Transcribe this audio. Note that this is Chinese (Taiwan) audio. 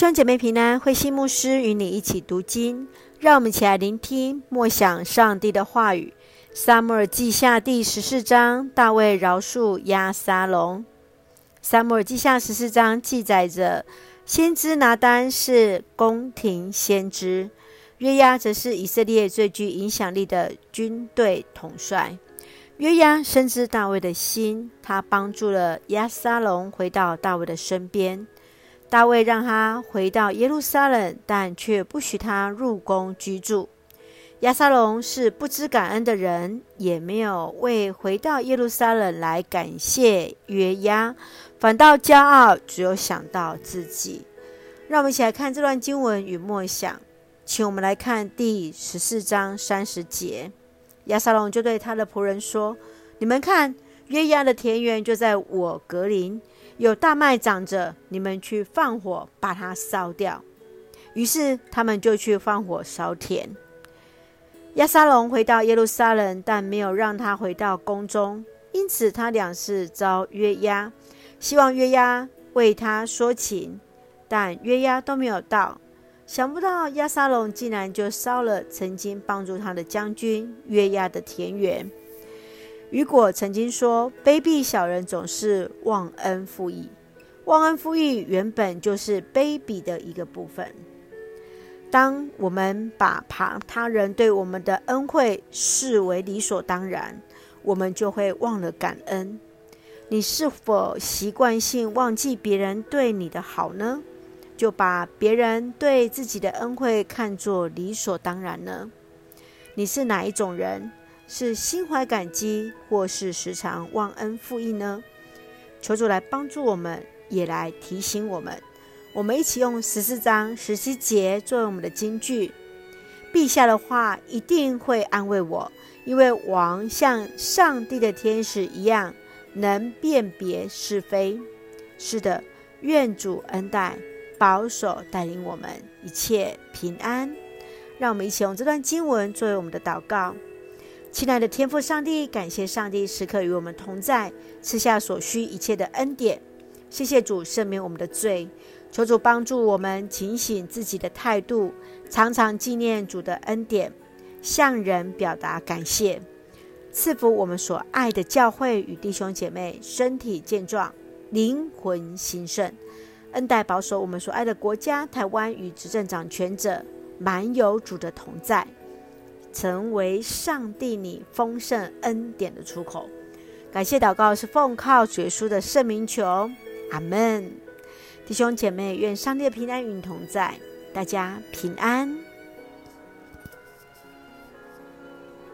弟兄姐妹平安，慧馨牧師與你一起讀經，讓我們一起來聆聽默想上帝的話語。撒母耳記下第十四章，大衛饒恕押沙龍。撒母耳記下十四章記載着，先知拿單是宮廷先知，約押則是以色列最具影響力的軍隊統帥。約押深知大衛的心，他幫助了押沙龍回到大衛的身邊。大衛讓他回到耶路撒冷，但卻不許他入宮居住。押沙龍是不知感恩的人，也沒有為回到耶路撒冷來感謝約押，反倒驕傲，只有想到自己。讓我們一起來看這段經文與默想，請我們來看第十四章三十節。押沙龍就對他的僕人說：“你們看，約押的田園就在我隔鄰。”有大麥長着，你們去放火把它燒掉。於是他們就去放火燒田。押沙龍回到耶路撒冷，但沒有讓他回到宮中，因此他兩次召約押，希望約押為他說情，但約押都沒有到。想不到押沙龍竟然就燒了曾經幫助他的將軍約押的田園。雨果曾經說：“卑鄙小人總是忘恩負義，忘恩負義原本就是卑鄙的一個部分。當我們把旁他人對我們的恩惠視為理所當然，我們就會忘了感恩。你是否習慣性忘記別人對你的好呢？就把別人對自己的恩惠看作理所當然呢？你是哪一種人？”是心懷感激，或是時常忘恩負義呢？求主來幫助我們，也來提醒我們。我們一起用十四章十七節作為我們的金句。陛下的話一定會安慰我，因為王像上帝的天使一樣，能辨別是非。是的，願主恩待、保守帶領我們一切平安。讓我們一起用這段經文作為我們的禱告。親愛的天父上帝，感謝上帝時刻與我們同在，賜下所需一切的恩典。謝謝主赦免我們的罪，求主幫助我們警醒自己的態度，常常紀念主的恩典，向人表達感謝，賜福我們所愛的教會與弟兄姐妹身體健壯，靈魂興盛，恩待保守我們所愛的國家台灣與執政掌權者，滿有主的同在。成為上帝你豐盛恩典的出口，感謝禱告是奉靠主耶穌的聖名求，阿門。弟兄姐妹，願上帝的平安與你同在，大家平安。